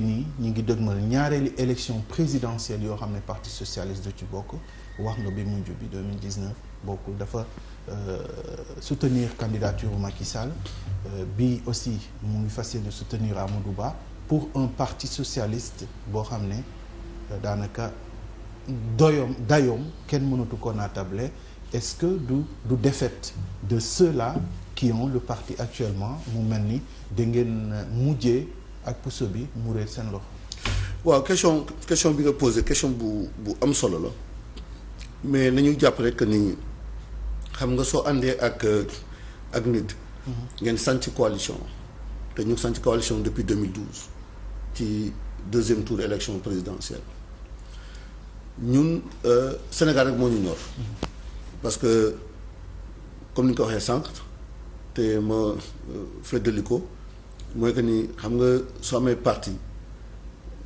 ngi nii ñu ngi dëgmal ñaareeli élection présidentielle yoo xam ne parti socialiste du ci bokk wax nga bi mujj bi 2019 bokkul dafa euh, soutenir candidature Macky Sall euh, bi aussi mu ngi fas yéene soutenir Amadou baax pour un parti socialiste boo xam ne euh, daanaka doyoom dayoom kenn mënatu ko naatable est-ce que du du défaite de ceux-là qui ont le parti actuellement mu mel ni da mujjee ak puso bi mu ree seen loxo. waaw question question bi nga posé question bu bu am solo la mais nañu jàpp rek ni xam nga soo àndee ak ak nit. Mhm. ngeen sanc coalition. te ñu ngi sanc coalition depuis 2012 ci deuxième tour élection présidentielle ñun euh, Sénégal rek moo ñu ñor. Mhm. parce que comme ni ko waxee sànq te ma euh, féddali ko. mooy que ni xam nga soo amee parti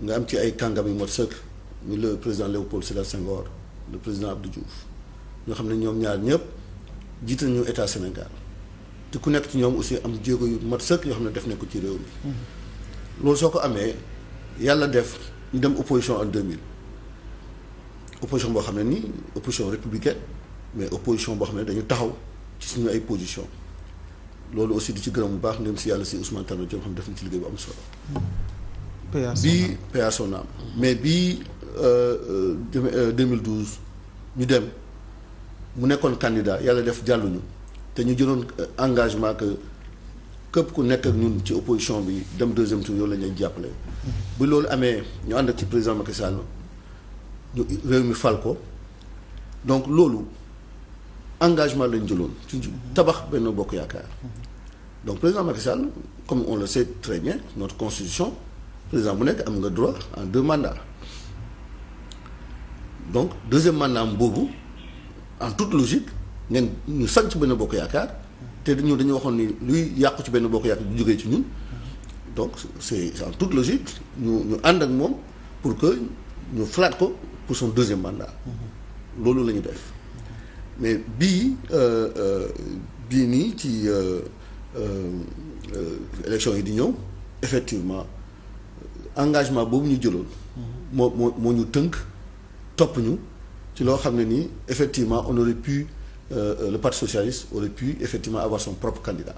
nga am ci ay kàngam yu mot sëkk ñu le président Léopold Sédar Senghor le président Abdou Diouf ñoo xam ne ñoom ñaar ñëpp jiite nañu état Sénégal te ku nekk ci ñoom aussi am jéego yu mat sëkk yoo xam ne def nañ ko ci réew mi. Mhm. loolu soo ko amee yàlla def ñu dem opposition en mille opposition boo xam ne nii opposition républicaine mais opposition boo xam ne dañu taxaw ci suñu ay position loolu aussi di ci gërëm bu baax ndem si yàlla si Ousmane Tanor Dieng xam def na ci liggéey bu am solo. bii PA Sonaam mais bii 2012 euh, euh, euh, ñu dem mu nekkoon candidat yàlla def jàlluñu te ñu jëloon engagement que képp ku nekk ak ñun ci opposition bi dem deuxième tour yow la jàppale. bi loolu amee ñu ànd ak ci président Macky Sall ñu réew mi fal ko donc loolu. engagement lañ jëloon ci tabax benn bokk yaakaar donc président Macky Sall comme on le sait très bien notre constitution président bu nekk am nga droit en deux mandats donc deuxième mandat am boobu en toute logique ngeen ñu ci benn bokk yaakaar te dañu dañu waxoon ni luy yàqu ci benn bokk yaakaar bu jógee ci ñun donc c'est en toute logique ñu ñu ànd ak moom pour que ñu falaat ko pour son deuxième mandat mm-hmm. loolu la ñu def mais bii euh, euh, bii nii ci euh, élection yi di ñëw effectivement engagement boobu ñu jëloon. moo moo moo ñu tënk topp ñu ci loo xam ne nii effectivement on aurait pu le parti socialiste aurait pu effectivement avoir son propre candidat.